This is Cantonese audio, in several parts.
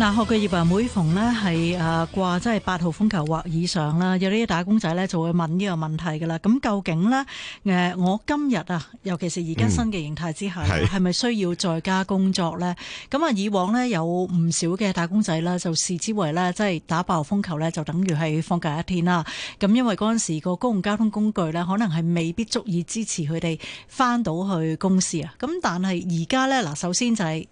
嗱，學嘅業啊，每逢呢係誒掛，即係八號風球或以上啦，有啲打工仔呢就會問呢個問題㗎啦。咁究竟呢？誒，我今日啊，尤其是而家新嘅形態之下，係、嗯、咪需要在家工作呢？咁啊，以往呢，有唔少嘅打工仔呢，就視之為呢，即係打八號風球呢，就等於係放假一天啦。咁因為嗰陣時個公共交通工具呢，可能係未必足以支持佢哋翻到去公司啊。咁但係而家呢，嗱，首先就係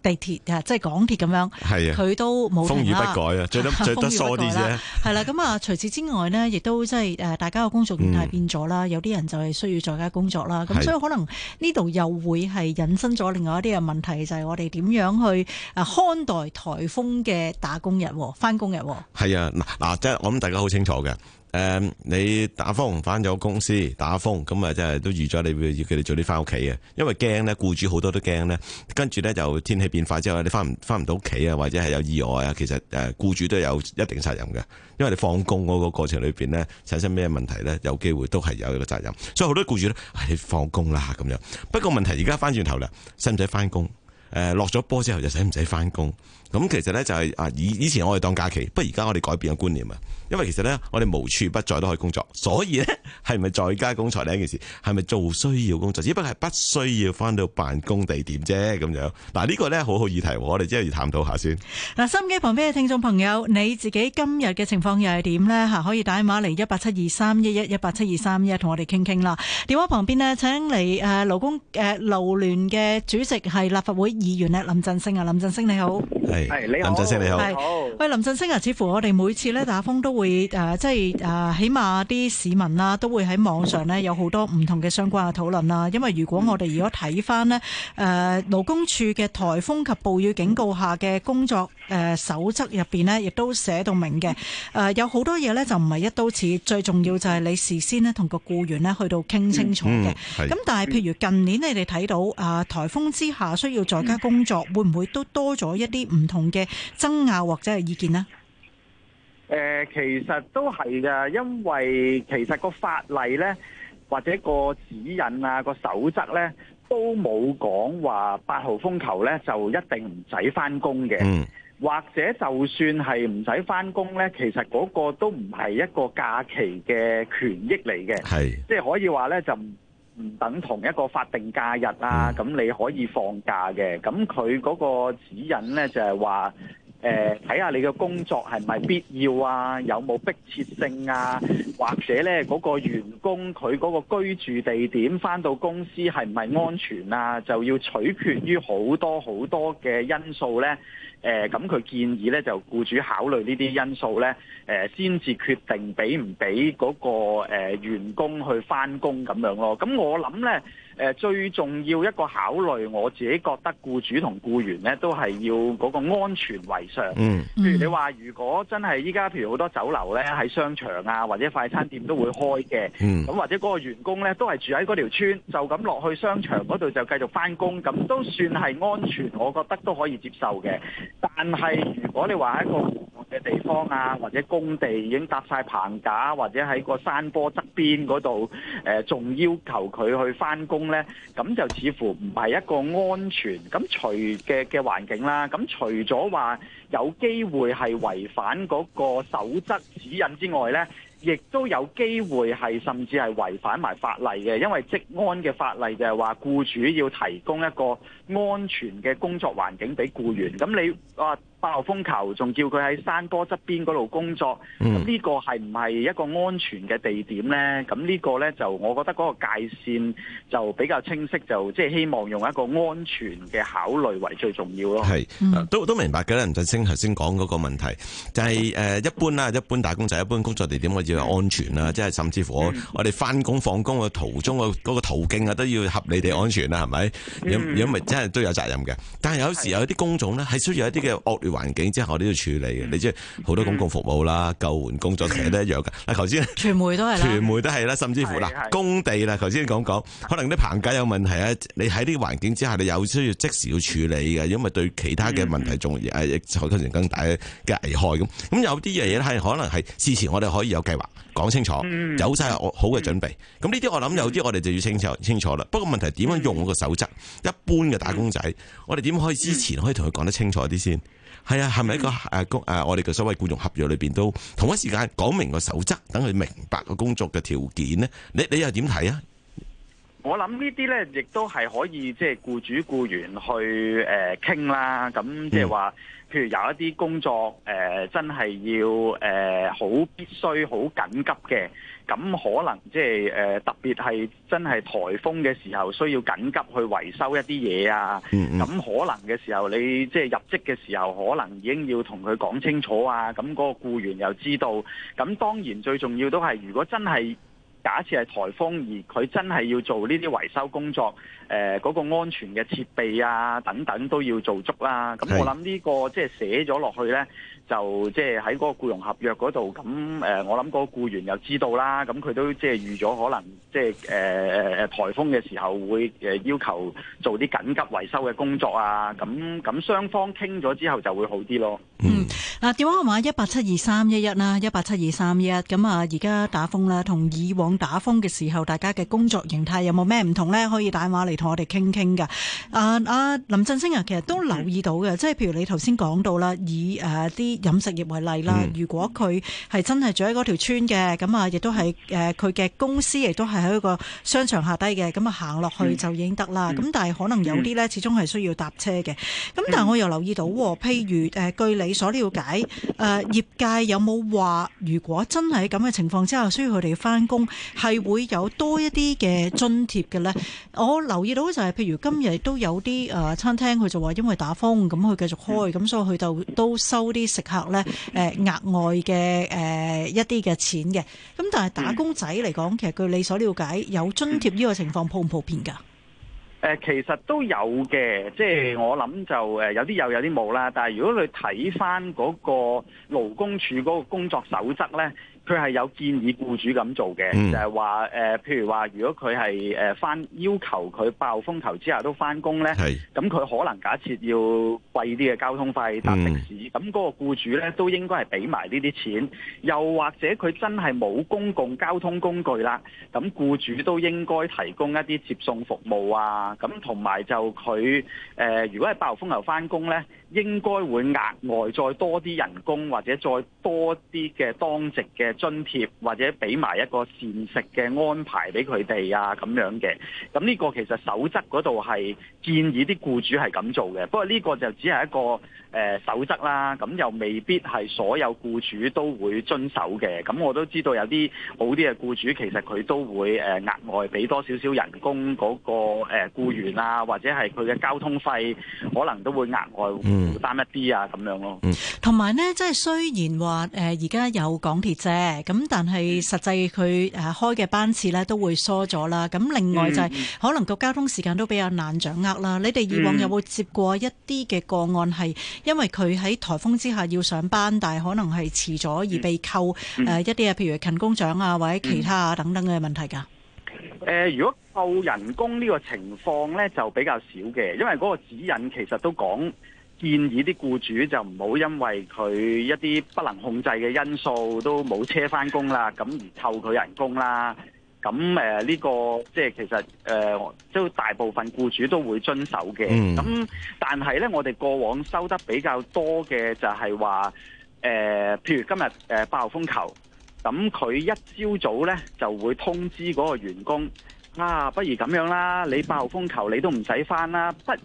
地鐵即係、就係、港鐵咁樣。佢都冇停啦，風雨不改啊，最多最多疏啲 啫。係 啦，咁啊，除此之外呢，亦都即係誒，大家嘅工作狀態變咗啦、嗯。有啲人就係需要在家工作啦。咁所以可能呢度又會係引申咗另外一啲嘅問題，就係、是、我哋點樣去啊看待台風嘅打工日、翻工日？係啊，嗱，即係我諗大家好清楚嘅。誒、嗯，你打風翻咗公司打風，咁啊，即係都預咗你要佢哋早啲翻屋企，因為驚咧，雇主好多都驚咧，跟住咧就天氣變化之後，你翻唔翻唔到屋企啊，或者係有意外啊，其實誒，雇主都有一定責任嘅，因為你放工嗰個過程裏邊咧產生咩問題咧，有機會都係有一個責任，所以好多雇主咧、哎，你放工啦咁樣。不過問題而家翻轉頭啦，使唔使翻工？誒、呃，落咗波之後就使唔使翻工？咁其實呢，就係啊以以前我哋當假期，不過而家我哋改變咗觀念啊，因為其實呢，我哋無處不在都可以工作，所以呢，係咪在家工作一件事係咪做需要工作，只不過係不需要翻到辦公地點啫咁樣。嗱、這、呢個呢，好好議題，我哋之後要探討下先。嗱，心機旁邊嘅聽眾朋友，你自己今日嘅情況又係點呢？可以打電話嚟一八七二三一一一八七二三一同我哋傾傾啦。電話旁邊呢，請嚟誒勞工誒勞聯嘅主席係立法會議員咧林振昇啊，林振昇你好。係，林振昇你好。喂，林振昇啊！似乎我哋每次咧，打風都會誒、呃，即係誒、呃，起碼啲市民啦，都會喺網上呢有好多唔同嘅相關嘅討論啦。因為如果我哋如果睇返呢誒，勞工處嘅颱風及暴雨警告下嘅工作誒守、呃、則入邊呢，亦都寫到明嘅。誒、呃，有好多嘢呢就唔係一刀切，最重要就係你事先呢同個僱員呢去到傾清楚嘅。咁、嗯、但係譬如近年你哋睇到誒、呃、颱風之下需要在家工作，會唔會都多咗一啲唔？同嘅爭拗或者係意見啦，誒，其實都係噶，因為其實個法例咧，或者個指引啊，個守則咧，都冇講話八號風球咧就一定唔使翻工嘅。嗯，或者就算係唔使翻工咧，其實嗰個都唔係一個假期嘅權益嚟嘅。係，即係可以話咧就。唔等同一個法定假日啊，咁你可以放假嘅。咁佢嗰個指引呢，就係話，誒，睇下你嘅工作係唔係必要啊，有冇迫切性啊，或者呢嗰個員工佢嗰個居住地點翻到公司係唔係安全啊，就要取決於好多好多嘅因素呢。誒咁佢建議咧，就僱主考慮呢啲因素咧，誒先至決定俾唔俾嗰個誒員工去翻工咁樣咯。咁我諗咧。誒最重要一個考慮，我自己覺得僱主同僱員咧都係要嗰個安全為上。嗯，嗯譬如你話，如果真係依家譬如好多酒樓咧喺商場啊或者快餐店都會開嘅，咁、嗯、或者嗰個員工咧都係住喺嗰條村，就咁落去商場嗰度就繼續返工，咁都算係安全，我覺得都可以接受嘅。但係如果你話一個嘅地方啊，或者工地已經搭晒棚架，或者喺個山坡側邊嗰度，誒、呃、仲要求佢去翻工咧，咁就似乎唔係一個安全咁除嘅嘅環境啦。咁除咗話有機會係違反嗰個守則指引之外咧，亦都有機會係甚至係違反埋法例嘅，因為職安嘅法例就係話僱主要提供一個安全嘅工作環境俾僱員，咁你啊？八號風球仲叫佢喺山坡側邊嗰度工作，咁、嗯、呢個係唔係一個安全嘅地點呢？咁呢個呢，就我覺得嗰個界線就比較清晰，就即係希望用一個安全嘅考慮為最重要咯。係、嗯，都都明白嘅啦。林振昇頭先講嗰個問題就係、是、誒一般啦，一般打工仔、一般工作地點，我認為安全啦，即係甚至乎我哋翻工放工嘅途中嘅嗰、那個途徑啊，都要合理地安全啦，係咪？如果唔係真係都有責任嘅。但係有時有啲工種呢，係需要一啲嘅惡劣環境之下，我都要處理嘅。你即係好多公共服務啦、嗯，救援工作其實都一樣噶。嗱， 頭先傳媒都係，傳媒都係啦，甚至乎嗱工地啦，頭先講講，是是可能啲棚架有問題啊。你喺呢個環境之下，你有需要即時要處理嘅，因為對其他嘅問題仲誒造成更大嘅危害咁。咁有啲嘢嘢係係可能係事前我哋可以有計劃講清楚，有晒好嘅準備。咁呢啲我諗有啲我哋就要清楚、嗯、清楚啦。不過問題點樣用個守則？一般嘅打工仔，嗯、我哋點可以之前可以同佢講得清楚啲先？係啊，係咪一個誒工誒，我哋嘅所謂僱傭合約裏邊都同一時間講明個守則，等佢明白個工作嘅條件咧？你你又點睇啊？我諗呢啲咧，亦都係可以即係僱主僱員去誒傾啦。咁即係話，譬如有一啲工作誒、呃，真係要誒好、呃、必須好緊急嘅。咁可能即係誒特別係真係颱風嘅時候，需要緊急去維修一啲嘢啊。咁、嗯、可能嘅時候，你即係入職嘅時候，可能已經要同佢講清楚啊。咁嗰個僱員又知道。咁當然最重要都係，如果真係假設係颱風而佢真係要做呢啲維修工作，誒、呃、嗰、嗰個安全嘅設備啊等等都要做足啦、啊。咁我諗呢個即係寫咗落去咧。就即係喺嗰個僱傭合約嗰度，咁我諗個僱員又知道啦，咁佢都即係預咗可能即係誒、呃、颱風嘅時候會要求做啲緊急維修嘅工作啊，咁咁雙方傾咗之後就會好啲咯。嗯，嗱、啊、電話號碼一八七二三一一啦，一八七二三一一，咁啊而家打風啦，同以往打風嘅時候，大家嘅工作形態有冇咩唔同咧？可以打電話嚟同我哋傾傾嘅。啊，啊林振昇啊，其實都留意到嘅，即係譬如你頭先講到啦，以誒啲。呃飲食業為例啦、嗯，如果佢係真係住喺嗰條村嘅，咁啊亦都係誒佢嘅公司亦都係喺一個商場下低嘅，咁啊行落去就已經得啦。咁、嗯、但係可能有啲呢，始終係需要搭車嘅。咁但係我又留意到，譬如誒、呃、據你所了解，誒、呃、業界有冇話，如果真係喺咁嘅情況之下，需要佢哋翻工，係會有多一啲嘅津貼嘅呢？我留意到就係、是，譬如今日都有啲誒、呃、餐廳，佢就話因為打風，咁佢繼續開，咁、嗯、所以佢就都收啲食客咧，誒額外嘅誒一啲嘅錢嘅，咁但係打工仔嚟講，嗯，其實據你所了解，有津貼呢個情況普唔普遍噶？誒，其實都有嘅，即係我諗就誒有啲有，有，有，有啲冇啦。但係如果你睇翻嗰個勞工處嗰個工作守則咧，佢係有建議僱主咁做嘅。嗯，就係話誒譬如話如果佢係誒返要求佢八號風球之下都返工咧，係咁佢可能假設要貴啲嘅交通費搭的士，咁嗰、嗯、個僱主咧都應該係俾埋呢啲錢，又或者佢真係冇公共交通工具啦，咁僱主都應該提供一啲接送服務啊，咁同埋就佢誒、呃、如果係八號風球返工咧，應該會額外再多啲人工或者再多啲嘅當值嘅。津貼或者俾埋一個膳食嘅安排俾佢哋啊，咁樣嘅，咁呢個其實守則嗰度係建議啲僱主係咁做嘅，不過呢個就只係一個。誒守則啦，咁又未必係所有僱主都會遵守嘅。咁我都知道有啲好啲嘅僱主，其實佢都會誒額外俾多少少人工嗰、那個誒僱員啊，或者係佢嘅交通費，可能都會額外負擔一啲啊咁樣咯。同、嗯、埋呢，即係雖然話誒而家有港鐵啫，咁但係實際佢誒開嘅班次呢，都會疏咗啦。咁另外就係、是嗯、可能個交通時間都比較難掌握啦。你哋以往有冇接過一啲嘅個案係？因為佢喺颱風之下要上班，但係可能係遲咗而被扣誒一啲啊，譬、嗯嗯、如勤工獎啊或者其他啊、嗯、等等嘅問題噶。誒、呃，如果扣人工呢個情況咧就比較少嘅，因為嗰個指引其實都講，建議啲僱主就唔好因為佢一啲不能控制嘅因素都冇車返工啦，咁而扣佢人工啦。咁誒呢個即係其實誒、呃，大部分僱主都會遵守嘅。咁、嗯、但係呢，我哋過往收得比較多嘅就係話誒，譬如今日、呃、八號風球，咁佢一朝早呢就會通知嗰個員工。啊，不如咁樣啦，你八號風球你都唔使翻啦，不如，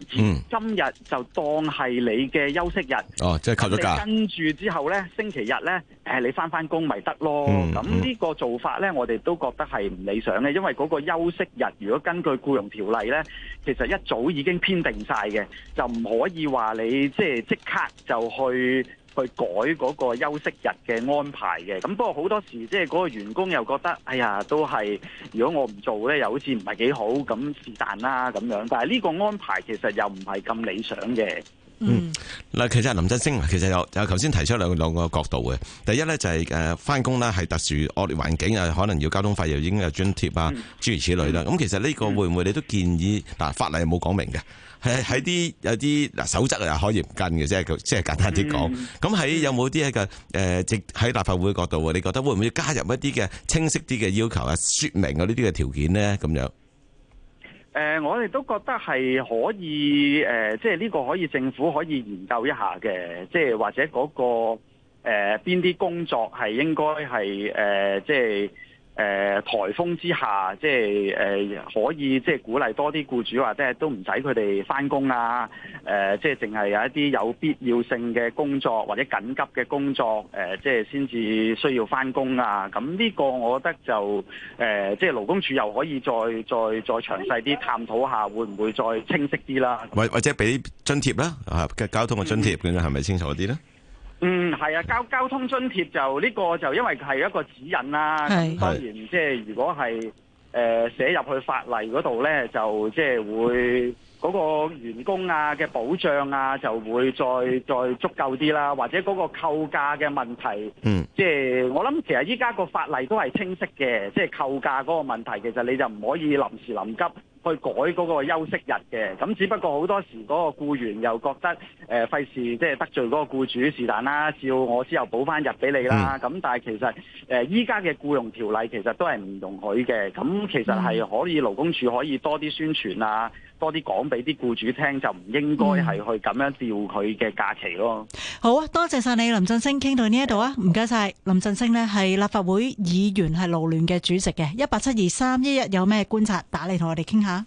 今日就當係你嘅休息日。哦、嗯，即係扣咗假。跟住之後咧，星期日咧，誒，你翻翻工咪得咯。咁、嗯、呢個做法咧，我哋都覺得係唔理想嘅，因為嗰個休息日如果根據僱傭條例咧，其實一早已經編定晒嘅，就唔可以話你即係即刻就去。去改嗰個休息日嘅安排嘅，咁不過好多時即係嗰個員工又覺得，哎呀，都係如果我唔做呢，又好似唔係幾好。噉是但啦咁樣，但係呢個安排其實又唔係咁理想嘅。嗯，嗱，其實林振昇，其實有，有頭先提出兩個角度嘅。第一咧就係誒，翻工咧係特殊惡劣環境啊，可能要交通費又已經有津貼啊，諸如此類啦。咁其實呢個會唔會你都建議？嗱，法例又冇講明嘅，係喺啲有啲嗱守則啊，又可以唔跟嘅，即係即係簡單啲講。咁喺有冇啲嘅誒，直喺立法會角度，你覺得會唔會加入一啲嘅清晰啲嘅要求啊、說明啊呢啲嘅條件咧？咁樣。誒、呃，我哋都覺得係可以，誒、呃，即係呢個可以政府可以研究一下嘅，即係或者嗰個誒邊啲工作係應該係誒，即係。誒、呃、颱風之下，即係誒、呃、可以即係鼓勵多啲僱主，或者都唔使佢哋翻工啊！誒、呃，即係淨係有一啲有必要性嘅工作或者緊急嘅工作，誒、呃，即係先至需要翻工啊！咁呢個我覺得就誒、呃，即係勞工處又可以再再再詳細啲探討下，會唔會再清晰啲啦、啊？或或者俾津貼啦，嘅交通嘅津貼咁樣係咪清楚啲咧？嗯，係啊，交交通津貼就呢、這個就因為係一個指引啦、啊。係當然，即係如果係誒寫入去法例嗰度咧，就即係會嗰、嗯那個員工啊嘅保障啊，就會再再足夠啲啦。或者嗰個扣價嘅問題，嗯，即係我諗其實依家個法例都係清晰嘅，即係扣價嗰個問題，其實你就唔可以臨時臨急。去改嗰個休息日嘅，咁只不過好多時嗰個僱員又覺得，誒費事即係得罪嗰個僱主是但啦，照我之後補翻日俾你啦，咁但係其實誒依家嘅僱傭條例其實都係唔容許嘅，咁其實係可以勞工處可以多啲宣傳啊。多啲講俾啲僱主聽，就唔應該係去咁樣調佢嘅假期咯，嗯。好啊，多謝晒你，林振昇，傾到呢一度啊，唔該晒，林振昇呢係立法會議員，係勞聯嘅主席嘅，一八七二三，一一，有咩觀察？打嚟同我哋傾下。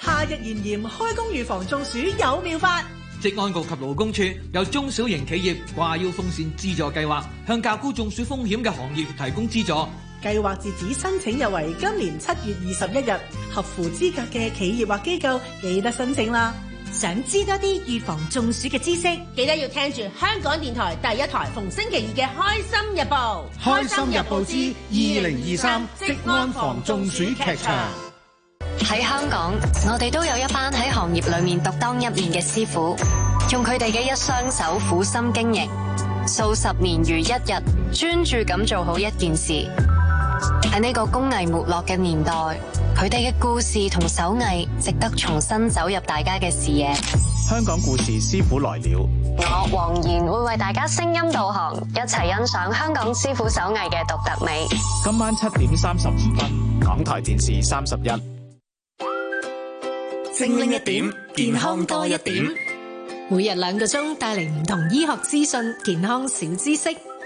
夏日炎炎，開工預防中暑有妙法。職安局及勞工處有中小型企業掛腰風扇資助計劃，向較高中暑風險嘅行業提供資助。計劃截止申請入圍，今年七月二十一日，合乎資格嘅企業或機構記得申請啦！想知多啲預防中暑嘅知識，記得要聽住香港電台第一台逢星期二嘅《開心日報》。開心日報之二零二三即安防中暑劇場。喺香港，我哋都有一班喺行業裏面獨當一面嘅師傅，用佢哋嘅一雙手苦心經營，數十年如一日，專注咁做好一件事。喺呢個工藝沒落嘅年代，佢哋嘅故事同手藝值得重新走入大家嘅視野。香港故事師傅來了，我黃然會為大家聲音導航，一齊欣賞香港師傅手藝嘅獨特美。今晚七點三十二分，港台電視三十一，精靈一點，健康多一點，每日兩個鐘，帶嚟唔同醫學資訊，健康小知識。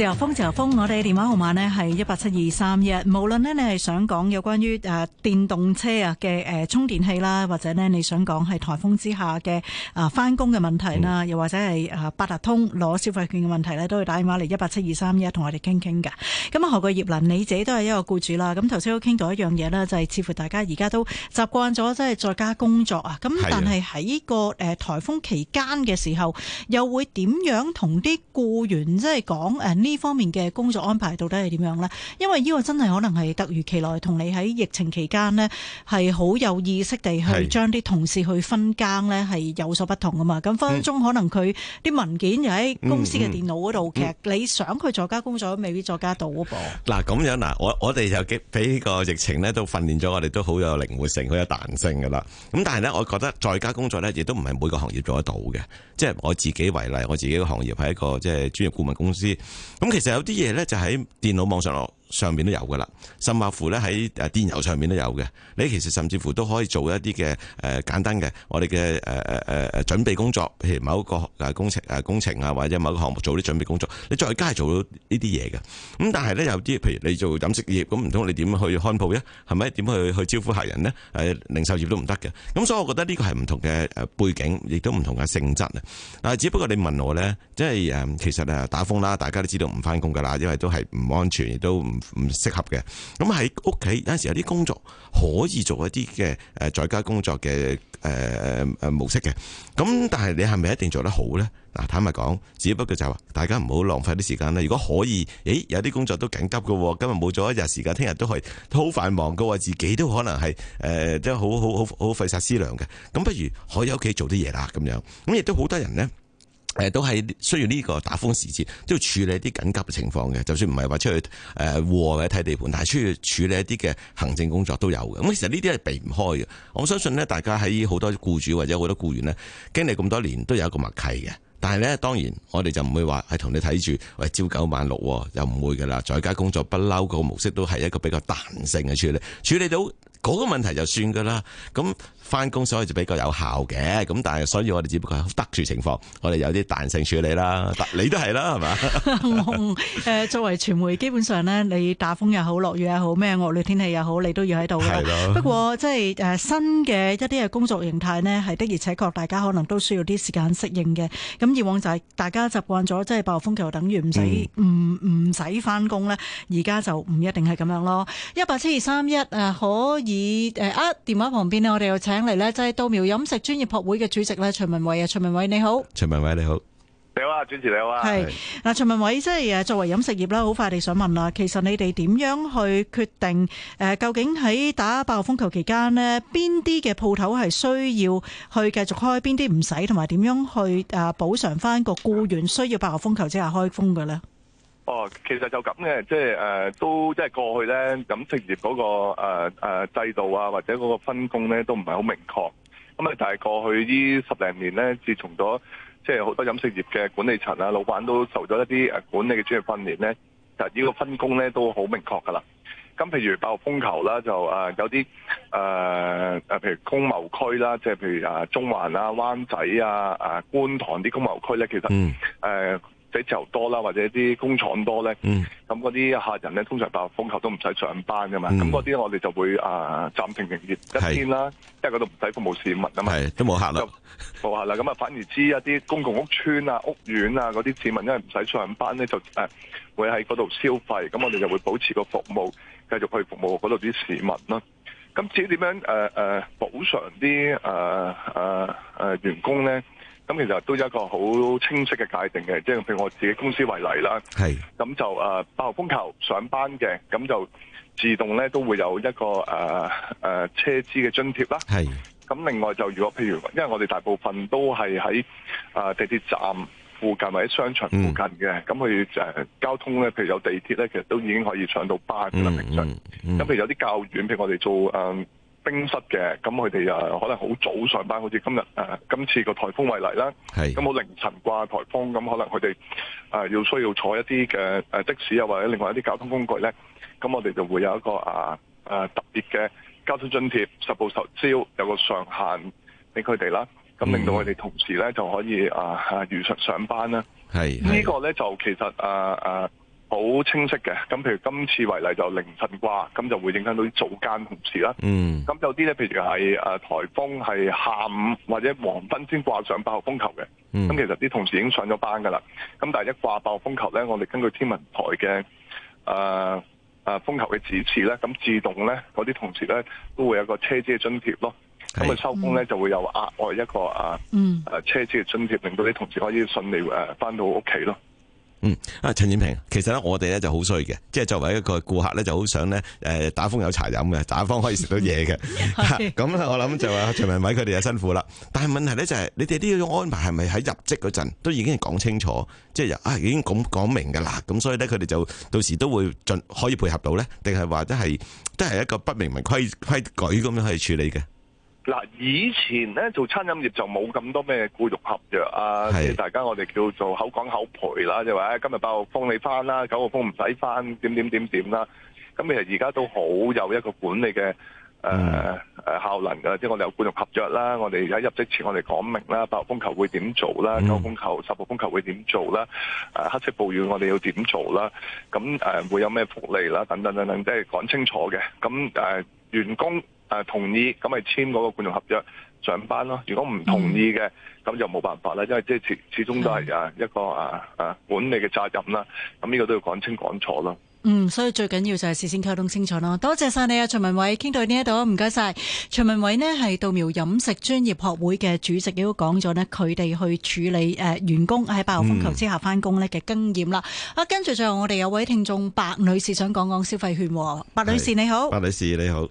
自由風，自由風，我哋嘅電話號碼呢係一八七二三一，無論呢你係想講有關於電動車啊嘅充電器啦，或者呢你想講係颱風之下嘅啊翻工嘅問題啦，又或者係八達通攞消費券嘅問題呢，都要打電話嚟一八七二三一同我哋傾傾㗎。咁啊，何個葉林你自己都係一個僱主啦。咁頭先都傾到一樣嘢啦，就係、是、似乎大家而家都習慣咗即係在家工作啊。咁但係喺個颱風期間嘅時候，又會點樣同啲僱員即係講誒呢？呢方面嘅工作安排到底係點樣咧？因為呢個真係可能係突如其來，同你喺疫情期間咧，係好有意識地去將啲同事去分更咧，係有所不同噶嘛。咁分分鐘可能佢啲文件又喺公司嘅電腦嗰度，嗯嗯，其實你想佢在家工作，都未必在家到噃。嗱咁樣嗱，我我哋有幾俾個疫情咧都訓練咗我哋都好有靈活性，好有彈性噶啦。咁但係咧，我覺得在家工作咧亦都唔係每個行業做得到嘅。即係我自己為例，我自己嘅行業係一個即係專業顧問公司。咁其實有啲嘢咧，就喺電腦網上落，上面都有噶啦，甚至乎咧喺誒電郵上面都有嘅。你其實甚至乎都可以做一啲嘅誒簡單嘅，我哋嘅誒誒誒誒準備工作，譬如某一個誒工程誒工程啊，或者某個項目做啲準備工作，你再加係做到呢啲嘢嘅。咁但係咧有啲譬如你做飲食業，咁唔通你點去看鋪咧？係咪點去去招呼客人咧？誒零售業都唔得嘅。咁所以我覺得呢個係唔同嘅誒背景，亦都唔同嘅性質啊。但係只不過你問我咧，即係誒其實誒打風啦，大家都知道唔返工噶啦，因為都係唔安全，亦都唔唔適合嘅，咁喺屋企有陣時有啲工作可以做一啲嘅誒在家工作嘅誒誒誒模式嘅，咁但係你係咪一定做得好咧？嗱，坦白講，只不過就話大家唔好浪費啲時間啦。如果可以，誒有啲工作都緊急嘅，今日冇咗一日時間，聽日都係都好繁忙㗎，自己都可能係誒即係好好好好費晒思量嘅。咁不如可以喺屋企做啲嘢啦，咁樣咁亦都好多人咧。誒，都係需要呢個打風時節都要處理一啲緊急嘅情況嘅。就算唔係話出去誒和嘅睇地盤，但係出去處理一啲嘅行政工作都有嘅。咁其實呢啲係避唔開嘅。我相信呢，大家喺好多僱主或者好多僱員呢，經歷咁多年，都有一個默契嘅。但係呢，當然我哋就唔會話係同你睇住，喂，朝九晚六、哦、又唔會噶啦。在家工作不嬲個模式都係一個比較彈性嘅處理，處理到嗰個問題就算噶啦。咁。翻工，所以就比較有效嘅，咁但係所以我哋只不過係特殊情況，我哋有啲彈性處理啦，你都係啦，係 嘛、嗯？誒、嗯，作為傳媒，基本上呢，你打風又好，落雨又好，咩惡劣天氣又好，你都要喺度。不過即係誒新嘅一啲嘅工作形態呢，係的而且確大家可能都需要啲時間適應嘅。咁以往就係、是、大家習慣咗，即係暴風球等於唔使唔唔使翻工呢，而、嗯、家就唔一定係咁樣咯。一八七二三一誒可以誒、呃、啊電話旁邊呢，我哋有請。嚟咧，就係稻苗飲食專業學會嘅主席咧，徐汶緯啊，徐汶緯你好，徐汶緯你好，你好啊，主持你好啊，係嗱，徐汶緯即係誒，作為飲食業啦，好快地想問啦，其實你哋點樣去決定誒，究竟喺打八號風球期間咧，邊啲嘅鋪頭係需要去繼續開，邊啲唔使，同埋點樣去誒補償翻個僱員需要八號風球即係開封嘅咧？哦，其實就咁嘅，即係誒、呃、都即係過去咧飲食業嗰、那個誒、呃呃、制度啊，或者嗰個分工咧都唔係好明確。咁啊，但係過去十呢十零年咧，自從咗即係好多飲食業嘅管理層啊、老闆都受咗一啲誒、啊、管理嘅專業訓練咧，就呢、是、依個分工咧都好明確噶啦。咁譬如爆風球啦，就誒有啲誒誒，譬如工貿區啦，即係譬如啊中環啊、灣仔啊、誒、啊、觀塘啲工貿區咧，其實誒。嗯呃比較多啦，或者啲工廠多咧，咁嗰啲客人咧通常爆風球都唔使上班噶嘛，咁嗰啲我哋就會啊、呃、暫停營業一天啦，因為嗰度唔使服務市民啊嘛，都冇客啦，冇客啦，咁啊反而知一啲公共屋邨啊、屋苑啊嗰啲市民，因為唔使上班咧，就誒、呃、會喺嗰度消費，咁我哋就會保持個服務，繼續去服務嗰度啲市民咯。咁至於點樣誒誒、呃呃、補償啲誒誒誒員工咧？咁其實都有一個好清晰嘅界定嘅，即係譬如我自己公司為例啦，咁就八號、呃、風球上班嘅，咁就自動咧都會有一個誒誒、呃呃、車資嘅津貼啦。咁另外就如果譬如，因為我哋大部分都係喺、呃、地鐵站附近或者商場附近嘅，咁、嗯、佢、呃、交通咧，譬如有地鐵咧，其實都已經可以上到班啦，明、嗯、均。咁、嗯、譬如有啲較遠，譬如我哋做誒。呃冰室嘅，咁佢哋又可能好早上班，好似今日誒、呃、今次個颱風為例啦。係。咁好凌晨掛颱風，咁可能佢哋啊要需要坐一啲嘅誒的士啊、呃，或者另外一啲交通工具咧，咁我哋就會有一個啊誒、呃呃、特別嘅交通津貼，實報實銷有個上限俾佢哋啦。咁令到佢哋同事咧、嗯、就可以啊如常、呃、上上班啦。係。這個、呢個咧就其實啊啊～、呃呃好清晰嘅，咁譬如今次為例就凌晨掛，咁就會影響到啲早間同事啦。嗯，咁有啲咧，譬如係誒颱風係下午或者黃昏先掛上八號風球嘅。咁、mm. 其實啲同事已經上咗班噶啦。咁但係一掛八號風球咧，我哋根據天文台嘅誒誒風球嘅指示咧，咁自動咧嗰啲同事咧都會有個車資嘅津貼咯。咁佢收工咧、mm. 就會有額外一個誒誒車資嘅津貼，令到啲同事可以順利返翻到屋企咯。嗯，阿陳展平，其實咧我哋咧就好衰嘅，即係作為一個顧客咧就好想咧，誒打風有茶飲嘅，打風可以食到嘢嘅，咁、 嗯嗯嗯嗯、我諗就話徐汶緯佢哋就辛苦啦。但係問題咧就係，你哋呢種安排係咪喺入職嗰陣都已經講清楚，即係啊已經講講明噶啦，咁所以咧佢哋就到時都會盡可以配合到咧，定係話都係都係一個不明文規規矩咁樣去處理嘅？嗱，以前咧做餐飲業就冇咁多咩僱傭合約啊，即係大家我哋叫做口講口賠啦，即係話今日八號風你翻啦，九號風唔使翻，點點點點啦。咁其實而家都好有一個管理嘅誒、呃呃、效能㗎。即係我哋有僱傭合約啦，我哋而家入職前我哋講明啦，八號風球會點做啦，九號風球十號風球會點做啦、呃，黑色暴雨我哋要點做啦，咁誒、呃、會有咩福利啦，等等等等，即係講清楚嘅。咁誒、呃、員工。誒同意咁咪簽嗰個僱傭合約上班咯。如果唔同意嘅，咁就冇辦法啦，因為即係始始終都係啊一個啊啊管理嘅責任啦。咁呢個都要講清講楚咯。嗯，所以最緊要就係事先溝通清楚咯。多謝曬你啊，徐汶緯，傾到呢一度唔該曬。徐汶緯咧係稻苗飲食專業學會嘅主席，亦都講咗咧佢哋去處理誒員工喺八號風球之下翻工咧嘅經驗啦。啊，跟住最後我哋有位聽眾白女士想講講消費券喎。白女士你好。白女士你好。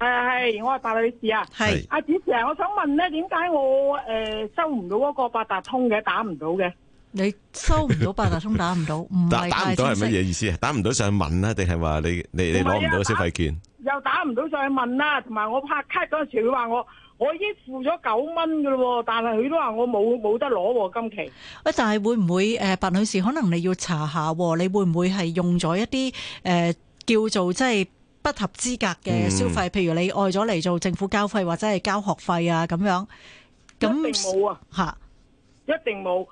係、啊、係，我係白女士是啊，係阿主持啊，我想問咧，點解我誒、呃、收唔到嗰個八達通嘅，打唔到嘅？你收唔到八達通， 打唔到，唔係打唔到係乜嘢意思啊？打唔到上去問啊？定係話你你你攞唔到消費券？又打唔到上去問啦，同埋我拍卡嗰陣時，佢話我我已經付咗九蚊噶咯，但係佢都話我冇冇得攞喎、啊、今期。誒，但係會唔會誒，白女士可能你要查下，你會唔會係用咗一啲誒、呃、叫做即係？不合資格嘅消費，譬如你愛咗嚟做政府交費或者係交學費啊咁樣，咁冇啊嚇，一定冇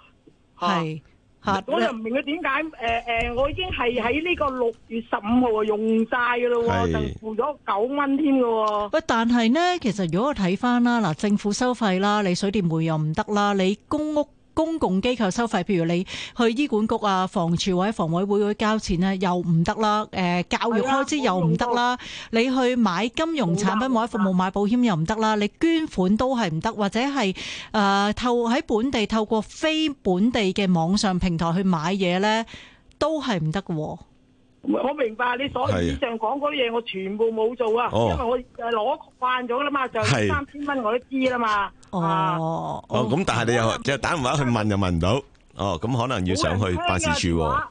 係嚇，我就唔明佢點解誒誒，我已經係喺呢個六月十五號用曬㗎咯，就付咗九蚊添㗎喎。喂，但係咧，其實如果我睇翻啦，嗱，政府收費啦，你水電煤又唔得啦，你公屋。公共機構收費，譬如你去醫管局啊、房署或者房委會去交錢咧，又唔得啦。誒，教育開支又唔得啦。你去買金融產品買服務買保險又唔得啦。你捐款都係唔得，或者係誒透喺本地透過非本地嘅網上平台去買嘢呢，都係唔得喎。我明白你所以上講嗰啲嘢，我全部冇做啊，因為我誒攞慣咗啦嘛，就三千蚊我都知啦嘛。哦，哦咁，但係你又就打電話去問又問唔到。哦，咁可能要上去辦事處喎。嚇？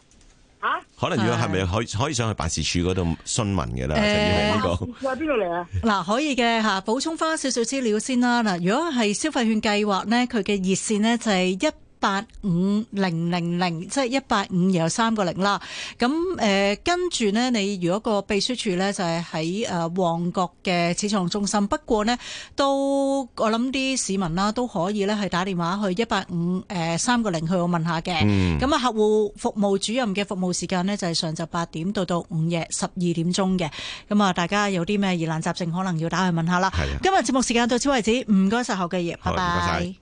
可能要係咪可可以上去辦事處嗰度詢問嘅啦？就係呢個。你係邊度嚟啊？嗱，可以嘅嚇，補充翻少少資料先啦。嗱，如果係消費券計劃咧，佢嘅熱線咧就係一八五零零零，即係一八五，然後三個零啦。咁誒，跟住呢，你如果個秘書處呢，就係喺誒旺角嘅始創中心。不過呢，都我諗啲市民啦都可以呢，係打電話去，去一八五誒三個零去我問下嘅。咁、嗯、啊，客戶服務主任嘅服務時間呢，就係、是、上晝八點到到午夜十二點鐘嘅。咁啊，大家有啲咩疑難雜症，可能要打去問下啦。今日節目時間到此為止，唔該晒侯繼業，拜拜。謝謝